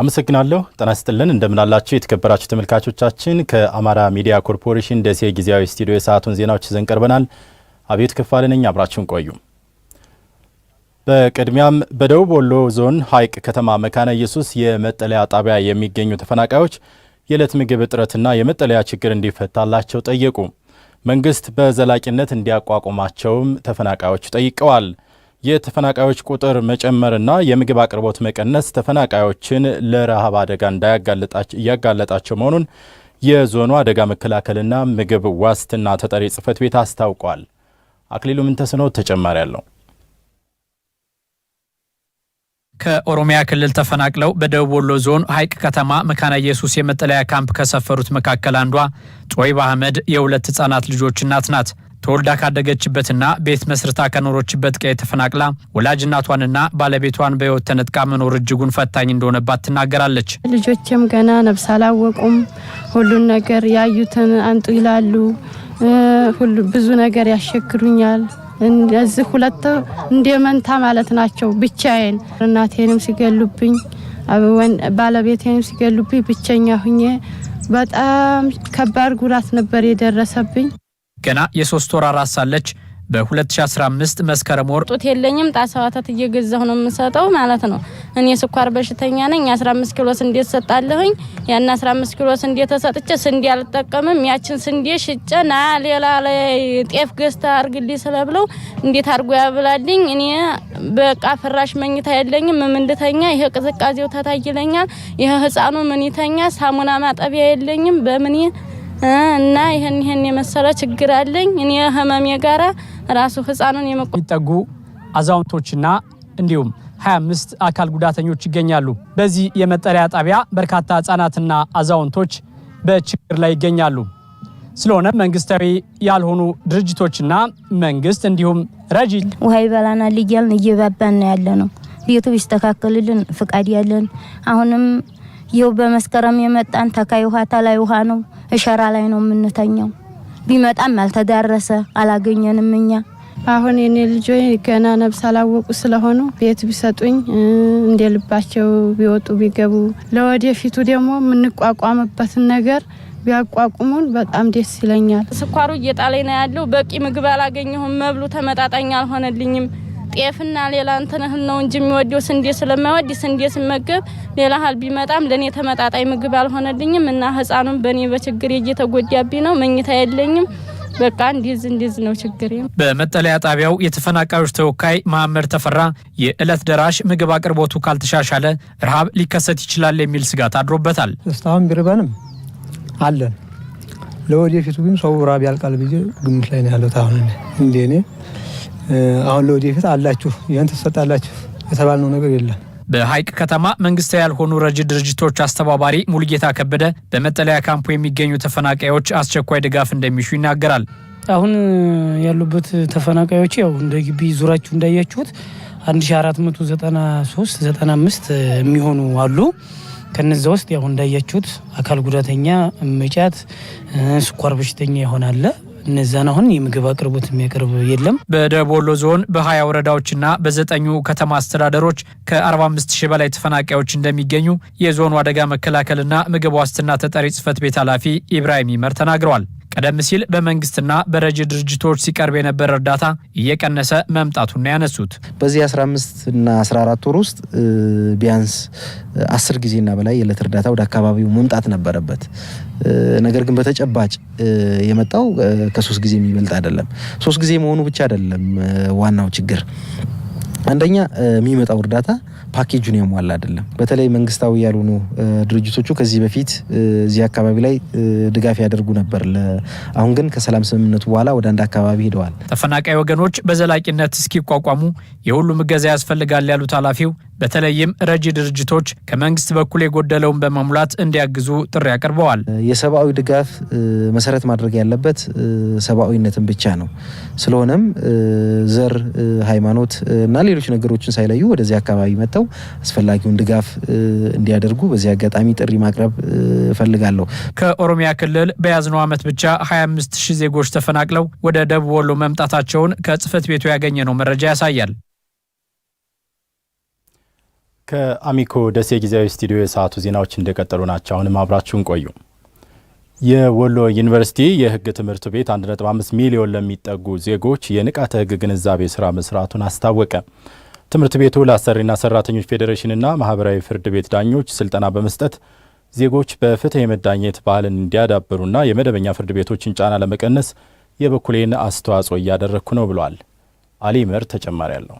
አመሰግናለሁ ጤና ይስጥልን እንደምናላችሁ የተከበራችሁ ተመልካቾቻችን ከአማራ ሚዲያ ኮርፖሬሽን ደሴ ጊዜያዊ ስቱዲዮ የሰዓቱን ዜናዎች ይዘን ቀርበናል አቤት ከፋለ ነኝ አብራችሁን ቆዩ በቅድሚያም በደቡብ ወሎ ዞን ሀይቅ ከተማ መካነ ኢየሱስ የመጠለያ ጣቢያ የሚገኙ ተፈናቃዮች የዕለት ምግብ እጥረትና የመጠለያ ችግር እንዲፈታላቸው ጠየቁ መንግስት በዘላቂነት እንዲያቋቁማቸውም ተፈናቃዮቹ ጠይቀዋል የተፈናቃዮች ቁጥር መጨመርና የምግብ አቅርቦት መቀነስ ተፈናቃዮችን ለረሃብ አደጋ እያጋለጣቸው መሆኑን የዞኑ አደጋ መከላከልና ምግብ ዋስትና ተጠሪ ጽፈት ቤት አስታውቋል። አክሊሉ ምንተስኖ ተጨማሪ አለው። ከኦሮሚያ ክልል ተፈናቅለው በደቡብ ወሎ ዞን ሀይቅ ከተማ መካነ ኢየሱስ የመጠለያ ካምፕ ከሰፈሩት መካከል አንዷ ጦይባ አህመድ የሁለት ህጻናት ልጆች እናት ናት። ተወልዳ ካደገችበትና ቤት መስርታ ከኖሮችበት ቀይ ተፈናቅላ ወላጅ እናቷንና ባለቤቷን በህይወት ተነጥቃ መኖር እጅጉን ፈታኝ እንደሆነባት ትናገራለች። ልጆችም ገና ነብስ አላወቁም። ሁሉን ነገር ያዩትን አንጡ ይላሉ። ብዙ ነገር ያሸግሩኛል እዚህ ሁለት እንደ መንታ ማለት ናቸው። ብቻዬን እናቴንም ሲገሉብኝ፣ ባለቤቴንም ሲገሉብኝ ብቸኛ ሁኜ በጣም ከባድ ጉዳት ነበር የደረሰብኝ። ገና የሶስት ወር አራስ ሳለች በ2015 መስከረም ወር ጡት የለኝም ጣሳ ወተት እየገዛሁ ነው የምሰጠው ማለት ነው። እኔ ስኳር በሽተኛ ነኝ። 15 ኪሎ ስንዴ ሰጣለሁኝ። ያን 15 ኪሎ ስንዴ ተሰጥቼ ስንዴ አልጠቀምም። ያችን ስንዴ ሽጬ ና ሌላ ላይ ጤፍ ገዝታ አርግልኝ ስለብለው እንዴት አርጎ ያብላልኝ። እኔ በቃ ፍራሽ መኝታ የለኝም። ምን እንድተኛ ይሄ ቅዝቃዜው ተታይለኛል። ይሄ ህፃኑ ምን ይተኛ? ሳሙና ማጠቢያ የለኝም በምን እና ይህን ይህን የመሰለ ችግር አለኝ እኔ ህመሜ ጋራ ራሱ ህፃኑን የሚጠጉ አዛውንቶችና እንዲሁም 25 አካል ጉዳተኞች ይገኛሉ። በዚህ የመጠለያ ጣቢያ በርካታ ህጻናትና አዛውንቶች በችግር ላይ ይገኛሉ። ስለሆነ መንግስታዊ ያልሆኑ ድርጅቶችና መንግስት እንዲሁም ረጂ ውሃ ይበላናል እያልን እየባባን ነው ያለ ነው። ቤቱ ቢስተካከልልን ፍቃድ ያለን አሁንም ይኸው በመስከረም የመጣን ተካይ ውሃ ተላይ ውሃ ነው እሸራ ላይ ነው የምንተኛው። ቢመጣም አልተዳረሰ አላገኘንም እኛ አሁን የኔ ልጆች ገና ነብስ አላወቁ ስለሆኑ ቤት ቢሰጡኝ እንደ ልባቸው ቢወጡ ቢገቡ ለወደፊቱ ደግሞ የምንቋቋምበትን ነገር ቢያቋቁሙን በጣም ደስ ይለኛል። ስኳሩ እየጣለኝ ነው ያለው። በቂ ምግብ አላገኘሁም። መብሉ ተመጣጣኝ አልሆነልኝም። ጤፍና ሌላ እንትን እህል ነው እንጂ የሚወደው ስንዴ ስለማይወድ ስንዴ ስመገብ ሌላ እህል ቢመጣም ለእኔ ተመጣጣኝ ምግብ አልሆነልኝም እና ህፃኑን በእኔ በችግር እየተጎዳብኝ ነው። መኝታ የለኝም። በቃ እንዲዝ እንዲዝ ነው ችግር። በመጠለያ ጣቢያው የተፈናቃዮች ተወካይ መሀመድ ተፈራ የእለት ደራሽ ምግብ አቅርቦቱ ካልተሻሻለ ረሃብ ሊከሰት ይችላል የሚል ስጋት አድሮበታል። እስካሁን ቢርበንም አለን። ለወደፊቱ ግን ሰው ራብ ያልቃል ብዬ ግምት ላይ ነው ያለው። አሁን እንደ አሁን ለወደፊት አላችሁ ይህን ትሰጣላችሁ የተባልነው ነገር የለም። በሀይቅ ከተማ መንግስታዊ ያልሆኑ ረጅ ድርጅቶች አስተባባሪ ሙልጌታ ከበደ በመጠለያ ካምፑ የሚገኙ ተፈናቃዮች አስቸኳይ ድጋፍ እንደሚሹ ይናገራል። አሁን ያሉበት ተፈናቃዮች ያው እንደ ግቢ ዙራችሁ እንዳያችሁት 1493 95 የሚሆኑ አሉ። ከነዚ ውስጥ ያው እንዳያችሁት አካል ጉዳተኛ፣ መጫት፣ ስኳር በሽተኛ ይሆናል። እነዛን አሁን የምግብ አቅርቦት የሚያቀርብ የለም። በደቡብ ወሎ ዞን በሀያ ወረዳዎችና በዘጠኙ ከተማ አስተዳደሮች ከ45 ሺህ በላይ ተፈናቃዮች እንደሚገኙ የዞኑ አደጋ መከላከልና ምግብ ዋስትና ተጠሪ ጽህፈት ቤት ኃላፊ ኢብራሂም ይመር ተናግረዋል። ቀደም ሲል በመንግስትና በረጅ ድርጅቶች ሲቀርብ የነበረ እርዳታ እየቀነሰ መምጣቱን ያነሱት በዚህ 15 እና 14 ወር ውስጥ ቢያንስ አስር ጊዜና በላይ የዕለት እርዳታ ወደ አካባቢው መምጣት ነበረበት። ነገር ግን በተጨባጭ የመጣው ከሶስት ጊዜ የሚበልጥ አይደለም። ሶስት ጊዜ መሆኑ ብቻ አይደለም ዋናው ችግር አንደኛ የሚመጣው እርዳታ ፓኬጁን ያሟላ አይደለም። በተለይ መንግስታዊ ያልሆኑ ድርጅቶቹ ከዚህ በፊት እዚህ አካባቢ ላይ ድጋፍ ያደርጉ ነበር። አሁን ግን ከሰላም ስምምነቱ በኋላ ወደ አንድ አካባቢ ሄደዋል። ተፈናቃይ ወገኖች በዘላቂነት እስኪቋቋሙ የሁሉም እገዛ ያስፈልጋል ያሉት ኃላፊው በተለይም ረጂ ድርጅቶች ከመንግስት በኩል የጎደለውን በመሙላት እንዲያግዙ ጥሪ አቅርበዋል። የሰብአዊ ድጋፍ መሰረት ማድረግ ያለበት ሰብአዊነትን ብቻ ነው። ስለሆነም ዘር፣ ሃይማኖት እና ሌሎች ነገሮችን ሳይለዩ ወደዚህ አካባቢ መጥተው አስፈላጊውን ድጋፍ እንዲያደርጉ በዚህ አጋጣሚ ጥሪ ማቅረብ እፈልጋለሁ። ከኦሮሚያ ክልል በያዝነው ዓመት ብቻ 25 ሺህ ዜጎች ተፈናቅለው ወደ ደቡብ ወሎ መምጣታቸውን ከጽህፈት ቤቱ ያገኘ ነው መረጃ ያሳያል። ከአሚኮ ደሴ ጊዜያዊ ስቱዲዮ የሰዓቱ ዜናዎች እንደቀጠሉ ናቸው። አሁንም አብራችሁን ቆዩ። የወሎ ዩኒቨርሲቲ የሕግ ትምህርት ቤት 1.5 ሚሊዮን ለሚጠጉ ዜጎች የንቃተ ሕግ ግንዛቤ ስራ መስራቱን አስታወቀ። ትምህርት ቤቱ ለአሰሪና ሰራተኞች ፌዴሬሽንና ማህበራዊ ፍርድ ቤት ዳኞች ስልጠና በመስጠት ዜጎች በፍትህ የመዳኘት ባህልን እንዲያዳብሩና የመደበኛ ፍርድ ቤቶችን ጫና ለመቀነስ የበኩሌን አስተዋጽኦ እያደረግኩ ነው ብሏል። አሊ መር ተጨማሪ አለው።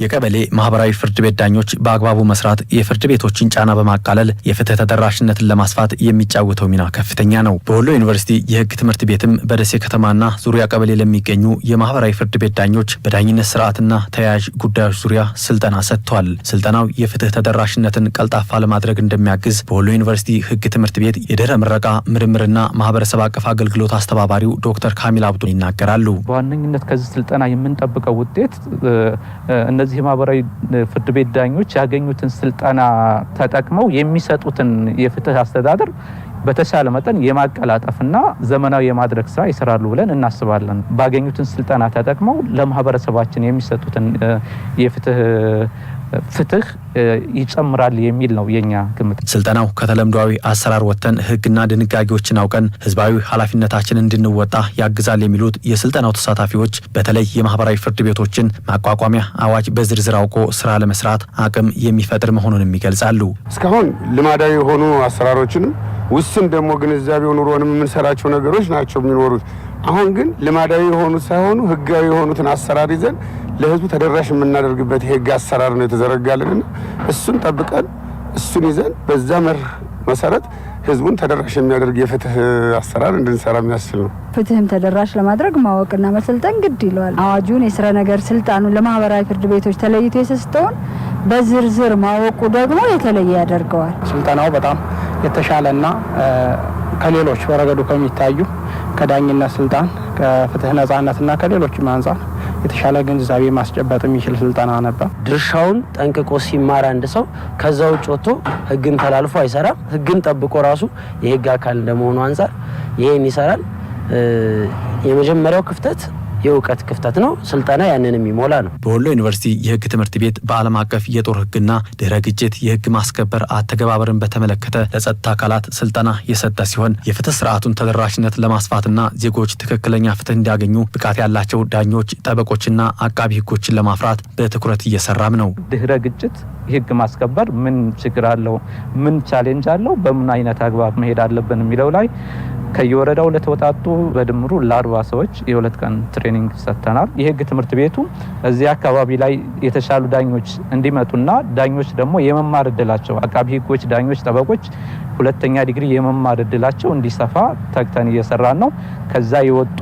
የቀበሌ ማህበራዊ ፍርድ ቤት ዳኞች በአግባቡ መስራት የፍርድ ቤቶችን ጫና በማቃለል የፍትህ ተደራሽነትን ለማስፋት የሚጫወተው ሚና ከፍተኛ ነው። በወሎ ዩኒቨርሲቲ የህግ ትምህርት ቤትም በደሴ ከተማና ዙሪያ ቀበሌ ለሚገኙ የማህበራዊ ፍርድ ቤት ዳኞች በዳኝነት ስርዓትና ተያያዥ ጉዳዮች ዙሪያ ስልጠና ሰጥቷል። ስልጠናው የፍትህ ተደራሽነትን ቀልጣፋ ለማድረግ እንደሚያግዝ በወሎ ዩኒቨርሲቲ ህግ ትምህርት ቤት የድህረ ምረቃ ምርምርና ማህበረሰብ አቀፍ አገልግሎት አስተባባሪው ዶክተር ካሚል አብዱ ይናገራሉ። በዋነኝነት ከዚህ ስልጠና የምንጠብቀው ውጤት እነዚህ የማህበራዊ ፍርድ ቤት ዳኞች ያገኙትን ስልጠና ተጠቅመው የሚሰጡትን የፍትህ አስተዳደር በተሻለ መጠን የማቀላጠፍና ዘመናዊ የማድረግ ስራ ይሰራሉ ብለን እናስባለን። ባገኙትን ስልጠና ተጠቅመው ለማህበረሰባችን የሚሰጡትን የፍትህ ፍትህ ይጨምራል የሚል ነው የኛ ግምት። ስልጠናው ከተለምዷዊ አሰራር ወጥተን ህግና ድንጋጌዎችን አውቀን ህዝባዊ ኃላፊነታችን እንድንወጣ ያግዛል የሚሉት የስልጠናው ተሳታፊዎች በተለይ የማህበራዊ ፍርድ ቤቶችን ማቋቋሚያ አዋጅ በዝርዝር አውቆ ስራ ለመስራት አቅም የሚፈጥር መሆኑንም ይገልጻሉ። እስካሁን ልማዳዊ የሆኑ አሰራሮችንም ውስን ደግሞ ግንዛቤው ኑሮንም የምንሰራቸው ነገሮች ናቸው የሚኖሩት አሁን ግን ልማዳዊ የሆኑ ሳይሆኑ ህጋዊ የሆኑትን አሰራር ይዘን ለህዝቡ ተደራሽ የምናደርግበት የህግ አሰራር ነው የተዘረጋልንና እሱን ጠብቀን እሱን ይዘን በዛ መርህ መሰረት ህዝቡን ተደራሽ የሚያደርግ የፍትህ አሰራር እንድንሰራ የሚያስችል ነው። ፍትህም ተደራሽ ለማድረግ ማወቅና መሰልጠን ግድ ይለዋል። አዋጁን የስረ ነገር ስልጣኑን ለማህበራዊ ፍርድ ቤቶች ተለይቶ የሰስተውን በዝርዝር ማወቁ ደግሞ የተለየ ያደርገዋል። ስልጠናው በጣም የተሻለና ከሌሎች በረገዱ ከሚታዩ ከዳኝነት ስልጣን ከፍትህ ነጻነትና ከሌሎችም አንጻር የተሻለ ግንዛቤ ማስጨበጥ የሚችል ስልጠና ነበር። ድርሻውን ጠንቅቆ ሲማር አንድ ሰው ከዛ ውጭ ወጥቶ ህግን ተላልፎ አይሰራም። ህግን ጠብቆ ራሱ የህግ አካል እንደመሆኑ አንጻር ይህን ይሰራል። የመጀመሪያው ክፍተት የእውቀት ክፍተት ነው። ስልጠና ያንን የሚሞላ ነው። በወሎ ዩኒቨርሲቲ የህግ ትምህርት ቤት በዓለም አቀፍ የጦር ህግና ድህረ ግጭት የህግ ማስከበር አተገባበርን በተመለከተ ለጸጥታ አካላት ስልጠና የሰጠ ሲሆን የፍትህ ስርዓቱን ተደራሽነት ለማስፋትና ዜጎች ትክክለኛ ፍትህ እንዲያገኙ ብቃት ያላቸው ዳኞች፣ ጠበቆችና አቃቢ ህጎችን ለማፍራት በትኩረት እየሰራም ነው። ድህረ ግጭት የህግ ማስከበር ምን ችግር አለው? ምን ቻሌንጅ አለው? በምን አይነት አግባብ መሄድ አለብን የሚለው ላይ ከየወረዳው ለተወጣጡ በድምሩ ለአርባ ሰዎች የሁለት ቀን ትሬኒንግ ሰጥተናል። የህግ ትምህርት ቤቱ እዚህ አካባቢ ላይ የተሻሉ ዳኞች እንዲመጡና ዳኞች ደግሞ የመማር እድላቸው አቃቢ ህጎች፣ ዳኞች፣ ጠበቆች ሁለተኛ ዲግሪ የመማር እድላቸው እንዲሰፋ ተግተን እየሰራን ነው። ከዛ የወጡ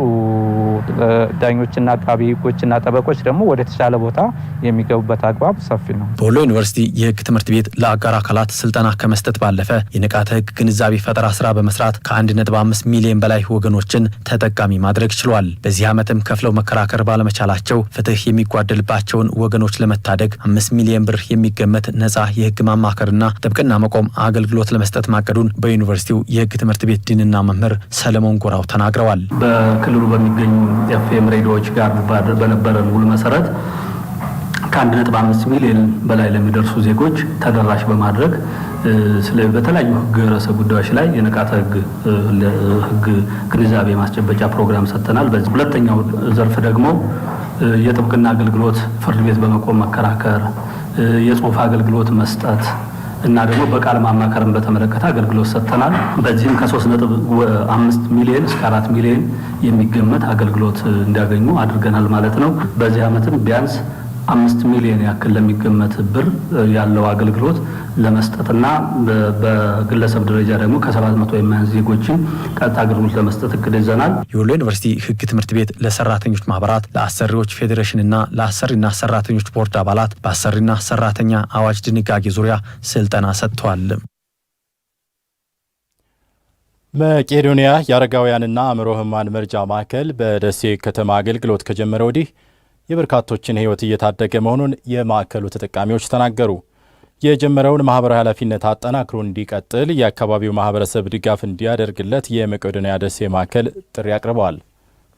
ዳኞችና አቃቢ ህጎችና ጠበቆች ደግሞ ወደ ተሻለ ቦታ የሚገቡበት አግባብ ሰፊ ነው። በወሎ ዩኒቨርሲቲ የህግ ትምህርት ቤት ለአጋር አካላት ስልጠና ከመስጠት ባለፈ የንቃተ ህግ ግንዛቤ ፈጠራ ስራ በመስራት ከ1.5 ሚሊዮን በላይ ወገኖችን ተጠቃሚ ማድረግ ችሏል። በዚህ ዓመትም ከፍለው መከራከር ባለመቻላቸው ፍትህ የሚጓደልባቸውን ወገኖች ለመታደግ 5 ሚሊዮን ብር የሚገመት ነጻ የህግ ማማከርና ጥብቅና መቆም አገልግሎት ለመስጠት ማቀዱን በዩኒቨርሲቲው የህግ ትምህርት ቤት ዲንና መምህር ሰለሞን ጎራው ተናግረዋል። በክልሉ በሚገኙ ኤፍኤም ሬዲዮዎች ጋር በነበረን ውል መሰረት ከአንድ ነጥብ አምስት ሚሊዮን በላይ ለሚደርሱ ዜጎች ተደራሽ በማድረግ በተለያዩ ህግ ርዕሰ ጉዳዮች ላይ የንቃተ ህግ ግንዛቤ ማስጨበጫ ፕሮግራም ሰጥተናል። በዚህ ሁለተኛው ዘርፍ ደግሞ የጥብቅና አገልግሎት ፍርድ ቤት በመቆም መከራከር፣ የጽሁፍ አገልግሎት መስጠት እና ደግሞ በቃል ማማከርን በተመለከተ አገልግሎት ሰጥተናል። በዚህም ከ35 ሚሊዮን እስከ 4 ሚሊዮን የሚገመት አገልግሎት እንዲያገኙ አድርገናል ማለት ነው። በዚህ ዓመትም ቢያንስ አምስት ሚሊዮን ያክል ለሚገመት ብር ያለው አገልግሎት ለመስጠትና በግለሰብ ደረጃ ደግሞ ከሰባት መቶ የማያንስ ዜጎችን ቀጥታ አገልግሎት ለመስጠት እቅድ ይዘናል። የወሎ ዩኒቨርሲቲ ሕግ ትምህርት ቤት ለሰራተኞች ማህበራት፣ ለአሰሪዎች ፌዴሬሽንና ለአሰሪና ሰራተኞች ቦርድ አባላት በአሰሪና ሰራተኛ አዋጅ ድንጋጌ ዙሪያ ስልጠና ሰጥተዋል። መቄዶንያ የአረጋውያንና አእምሮ ህሙማን መርጃ ማዕከል በደሴ ከተማ አገልግሎት ከጀመረ ወዲህ የበርካቶችን ሕይወት እየታደገ መሆኑን የማዕከሉ ተጠቃሚዎች ተናገሩ። የጀመረውን ማህበራዊ ኃላፊነት አጠናክሮ እንዲቀጥል የአካባቢው ማህበረሰብ ድጋፍ እንዲያደርግለት የመቄዶንያ ደሴ ማዕከል ጥሪ አቅርበዋል።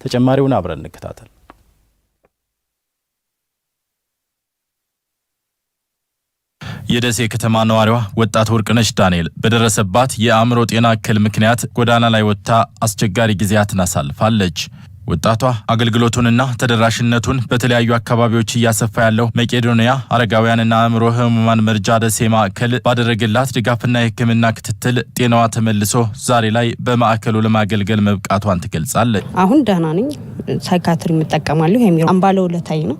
ተጨማሪውን አብረን እንከታተል። የደሴ ከተማ ነዋሪዋ ወጣት ወርቅነች ዳንኤል በደረሰባት የአእምሮ ጤና እክል ምክንያት ጎዳና ላይ ወጥታ አስቸጋሪ ጊዜያትን አሳልፋለች። ወጣቷ አገልግሎቱንና ተደራሽነቱን በተለያዩ አካባቢዎች እያሰፋ ያለው መቄዶንያ አረጋውያንና አእምሮ ህሙማን መርጃ ደሴ ማዕከል ባደረገላት ድጋፍና የህክምና ክትትል ጤናዋ ተመልሶ ዛሬ ላይ በማዕከሉ ለማገልገል መብቃቷን ትገልጻለች። አሁን ደህና ነኝ። ሳይካትሪ የምጠቀማለሁ። አምባለ ውለታይ ነው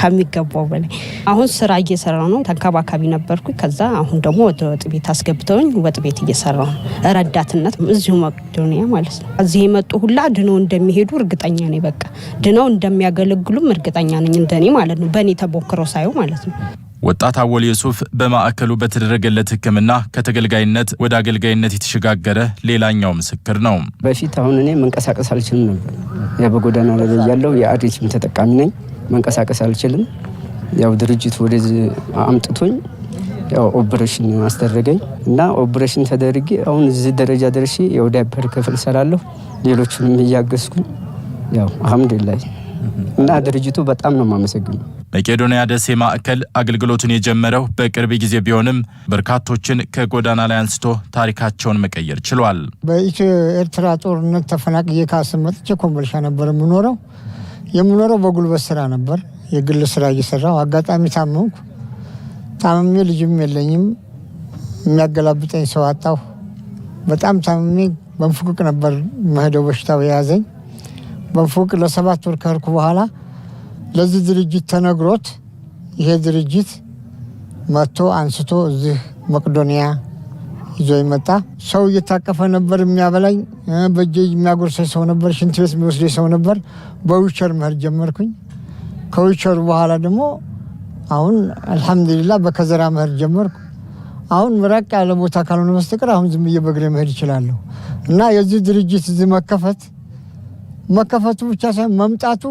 ከሚገባው በላይ አሁን ስራ እየሰራ ነው። ተንከባካቢ ነበርኩ። ከዛ አሁን ደግሞ ወደ ወጥ ቤት አስገብተውኝ ወጥ ቤት እየሰራ ነው። ረዳትነት እዚሁ መቄዶንያ ማለት ነው። እዚህ የመጡ ሁላ ድነው እንደሚሄዱ እርግጠኛ ነኝ። በቃ ድነው እንደሚያገለግሉም እርግጠኛ ነኝ። እንደኔ ማለት ነው። በእኔ ተሞክሮ ሳየው ማለት ነው። ወጣት አወል ዩሱፍ በማዕከሉ በተደረገለት ሕክምና ከተገልጋይነት ወደ አገልጋይነት የተሸጋገረ ሌላኛው ምስክር ነው። በፊት አሁን እኔ መንቀሳቀስ አልችልም ነበር። ያ በጎዳና ላይ ያለው የአዲስ ተጠቃሚ ነኝ። መንቀሳቀስ አልችልም። ያው ድርጅቱ ወደዚህ አምጥቶኝ ያው ኦፕሬሽን አስደረገኝ እና ኦፕሬሽን ተደርጌ አሁን እዚህ ደረጃ ደርሼ ያው ዳይፐር ክፍል ሰላለሁ፣ ሌሎቹንም እያገዝኩኝ ያው አልሐምዱሊላህ እና ድርጅቱ በጣም ነው የማመሰግነው። መቄዶንያ ደሴ ማዕከል አገልግሎቱን የጀመረው በቅርብ ጊዜ ቢሆንም በርካቶችን ከጎዳና ላይ አንስቶ ታሪካቸውን መቀየር ችሏል። በኢትዮ ኤርትራ ጦርነት ተፈናቅዬ ካስመጥቼ ኮምቦልቻ ነበር የምኖረው የምኖረው በጉልበት ስራ ነበር፣ የግል ስራ እየሰራው አጋጣሚ ታመምኩ። ታመሜ ልጅም የለኝም፣ የሚያገላብጠኝ ሰው አጣሁ። በጣም ታመሜ በንፉቅቅ ነበር መሄደው በሽታው የያዘኝ። በንፉቅ ለሰባት ወር ከርኩ በኋላ ለዚህ ድርጅት ተነግሮት ይሄ ድርጅት መጥቶ አንስቶ እዚህ መቅዶኒያ ይዞ ይመጣ ሰው እየታቀፈ ነበር የሚያበላኝ፣ በእጄ የሚያጎርሰኝ ሰው ነበር፣ ሽንት ቤት የሚወስደ ሰው ነበር። በዊቸር መሄድ ጀመርኩኝ። ከዊቸሩ በኋላ ደግሞ አሁን አልሐምዱሊላ በከዘራ መሄድ ጀመርኩ። አሁን ራቅ ያለ ቦታ ካልሆነ በስተቀር አሁን ዝም ብዬ በእግሬ መሄድ እችላለሁ። እና የዚህ ድርጅት እዚህ መከፈት መከፈቱ ብቻ ሳይሆን መምጣቱ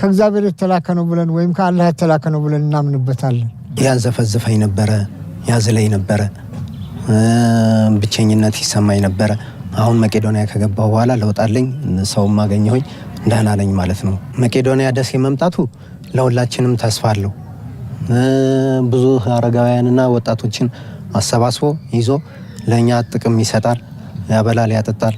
ከእግዚአብሔር የተላከ ነው ብለን ወይም ከአላህ የተላከ ነው ብለን እናምንበታለን። ያንዘፈዝፈኝ ነበረ፣ ያዝለኝ ነበረ ብቸኝነት ይሰማኝ ነበረ። አሁን መቄዶንያ ከገባሁ በኋላ ለውጣለኝ ሰውም አገኘሁኝ፣ ደህና ነኝ ማለት ነው። መቄዶንያ ደሴ መምጣቱ ለሁላችንም ተስፋ አለው። ብዙ አረጋውያንና ወጣቶችን አሰባስቦ ይዞ ለእኛ ጥቅም ይሰጣል፣ ያበላል፣ ያጠጣል፣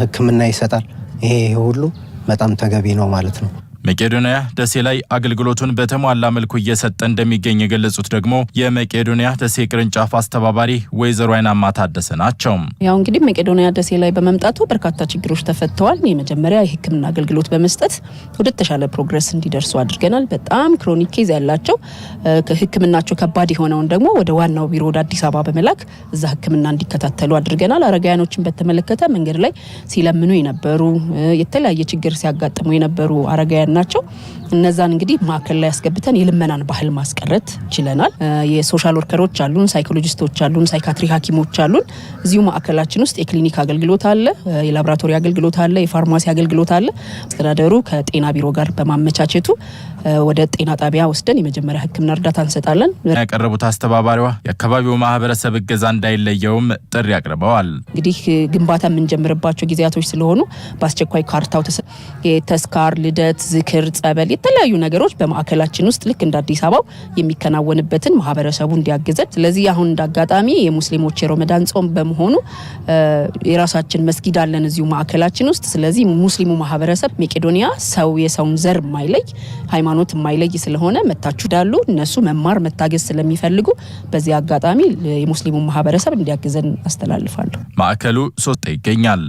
ሕክምና ይሰጣል። ይሄ ሁሉ በጣም ተገቢ ነው ማለት ነው። መቄዶንያ ደሴ ላይ አገልግሎቱን በተሟላ መልኩ እየሰጠ እንደሚገኝ የገለጹት ደግሞ የመቄዶንያ ደሴ ቅርንጫፍ አስተባባሪ ወይዘሮ አይናማ ታደሰ ናቸው። ያው እንግዲህ መቄዶንያ ደሴ ላይ በመምጣቱ በርካታ ችግሮች ተፈተዋል። የመጀመሪያ የሕክምና አገልግሎት በመስጠት ወደ ተሻለ ፕሮግረስ እንዲደርሱ አድርገናል። በጣም ክሮኒክ ኬዝ ያላቸው ሕክምናቸው ከባድ የሆነውን ደግሞ ወደ ዋናው ቢሮ ወደ አዲስ አበባ በመላክ እዛ ሕክምና እንዲከታተሉ አድርገናል። አረጋውያኖችን በተመለከተ መንገድ ላይ ሲለምኑ የነበሩ የተለያየ ችግር ሲያጋጥሙ የነበሩ አረጋውያን ናቸው። እነዛን እንግዲህ ማዕከል ላይ ያስገብተን የልመናን ባህል ማስቀረት ችለናል። የሶሻል ወርከሮች አሉን፣ ሳይኮሎጂስቶች አሉን፣ ሳይካትሪ ሐኪሞች አሉን። እዚሁ ማዕከላችን ውስጥ የክሊኒክ አገልግሎት አለ፣ የላቦራቶሪ አገልግሎት አለ፣ የፋርማሲ አገልግሎት አለ። አስተዳደሩ ከጤና ቢሮ ጋር በማመቻቸቱ ወደ ጤና ጣቢያ ወስደን የመጀመሪያ ሕክምና እርዳታ እንሰጣለን። ያቀረቡት አስተባባሪዋ የአካባቢው ማህበረሰብ እገዛ እንዳይለየውም ጥሪ አቅርበዋል። እንግዲህ ግንባታ የምንጀምርባቸው ጊዜያቶች ስለሆኑ በአስቸኳይ ካርታው የተስካር ልደት፣ ዝክር፣ ጸበል የተለያዩ ነገሮች በማዕከላችን ውስጥ ልክ እንደ አዲስ አበባው የሚከናወንበትን ማህበረሰቡ እንዲያግዘን። ስለዚህ አሁን እንዳጋጣሚ የሙስሊሞች የረመዳን ጾም በመሆኑ የራሳችን መስጊድ አለን እዚሁ ማዕከላችን ውስጥ። ስለዚህ ሙስሊሙ ማህበረሰብ መቄዶንያ ሰው የሰውን ዘር የማይለይ ሃይማኖት የማይለይ ስለሆነ መታችሁ ዳሉ እነሱ መማር መታገዝ ስለሚፈልጉ በዚህ አጋጣሚ የሙስሊሙ ማህበረሰብ እንዲያግዘን አስተላልፋለሁ። ማዕከሉ ሶስት ይገኛል።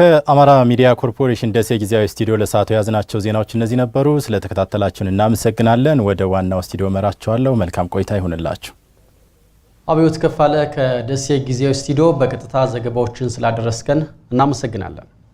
ከአማራ ሚዲያ ኮርፖሬሽን ደሴ ጊዜያዊ ስቱዲዮ ለሰዓቱ የያዝናቸው ዜናዎች እነዚህ ነበሩ። ስለተከታተላችሁን እናመሰግናለን። ወደ ዋናው ስቱዲዮ መራችኋለሁ። መልካም ቆይታ ይሁንላችሁ። አብዮት ከፋለ ከደሴ ጊዜያዊ ስቱዲዮ በቀጥታ ዘገባዎችን ስላደረስከን እናመሰግናለን።